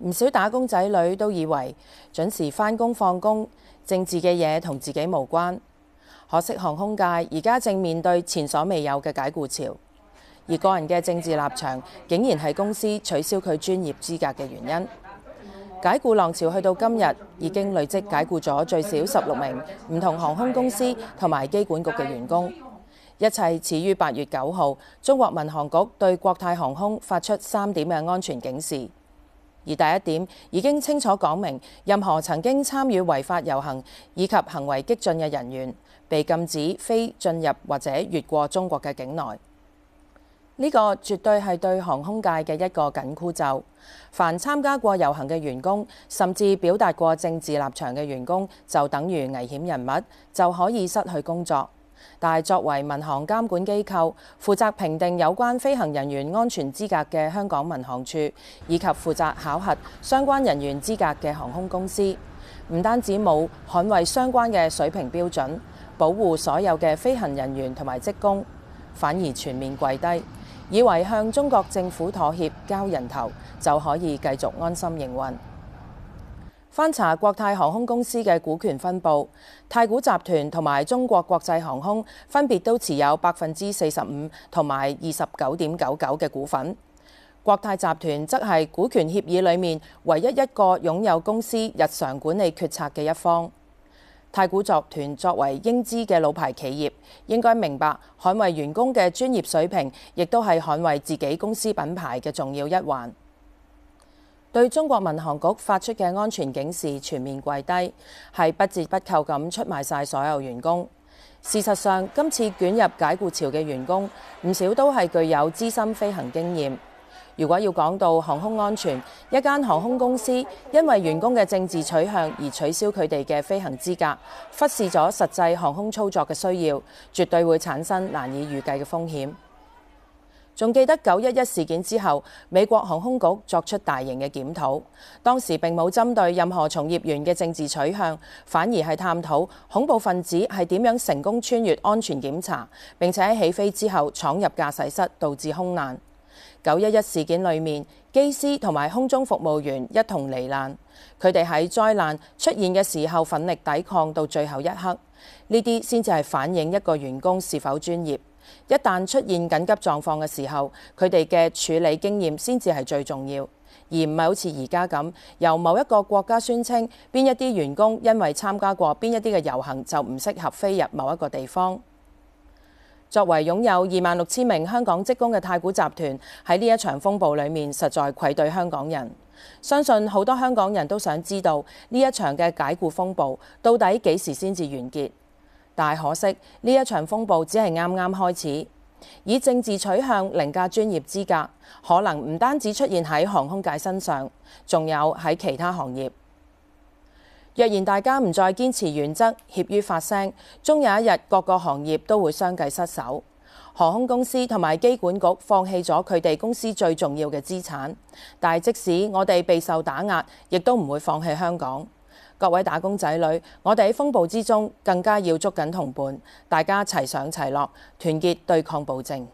唔少打工仔女都以為準時翻工放工，政治嘅嘢同自己無關。可惜航空界而家正面對前所未有嘅解僱潮，而個人嘅政治立場竟然係公司取消佢專業資格嘅原因。解僱浪潮去到今日，已經累積解僱咗最少十六名唔同航空公司同埋機管局嘅員工。一切始於八月九號，中國民航局對國泰航空發出三點嘅安全警示。而第一點已經清楚講明，任何曾經參與違法遊行以及行為激進嘅人員，被禁止非進入或者越過中國嘅境內。呢個絕對係對航空界嘅一個緊箍咒。凡參加過遊行嘅員工，甚至表達過政治立場嘅員工，就等於危險人物，就可以失去工作。但係，作為民航監管機構，負責評定有關飛行人員安全資格嘅香港民航處，以及負責考核相關人員資格嘅航空公司，唔單止冇捍衞相關嘅水平標準，保護所有嘅飛行人員同埋職工，反而全面跪低，以為向中國政府妥協交人頭，就可以繼續安心營運。翻查國泰航空公司嘅股權分佈，太古集團同埋中國國際航空分別都持有百分之四十五同埋二十九點九九嘅股份。國泰集團則係股權協議裏面唯一一個擁有公司日常管理決策嘅一方。太古集團作為英資嘅老牌企業，應該明白捍衛員工嘅專業水平，亦都係捍衛自己公司品牌嘅重要一環。對中國民航局發出嘅安全警示全面跪低，係不折不扣咁出賣晒所有員工。事實上，今次捲入解僱潮嘅員工，唔少都係具有資深飛行經驗。如果要講到航空安全，一間航空公司因為員工嘅政治取向而取消佢哋嘅飛行資格，忽視咗實際航空操作嘅需要，絕對會產生難以預計嘅風險。仲記得九一一事件之後，美國航空局作出大型嘅檢討，當時並冇針對任何從業員嘅政治取向，反而係探討恐怖分子係點樣成功穿越安全檢查，並且喺起飛之後闖入駕駛室，導致空難。九一一事件裏面，機師同埋空中服務員一同罹難，佢哋喺災難出現嘅時候奮力抵抗到最後一刻，呢啲先至係反映一個員工是否專業。一旦出現緊急狀況嘅時候，佢哋嘅處理經驗先至係最重要，而唔係好似而家咁，由某一個國家宣稱邊一啲員工因為參加過邊一啲嘅遊行就唔適合飛入某一個地方。作為擁有二萬六千名香港職工嘅太古集團，喺呢一場風暴裡面，實在愧對香港人。相信好多香港人都想知道呢一場嘅解僱風暴到底幾時先至完結。但可惜，呢一場風暴只係啱啱開始。以政治取向凌駕專業資格，可能唔單止出現喺航空界身上，仲有喺其他行業。若然大家唔再堅持原則，怯於發聲，終有一日，各個行業都會相繼失守。航空公司同埋機管局放棄咗佢哋公司最重要嘅資產，但係即使我哋備受打壓，亦都唔會放棄香港。各位打工仔女，我哋喺風暴之中更加要捉緊同伴，大家齊上齊落，團結對抗暴政。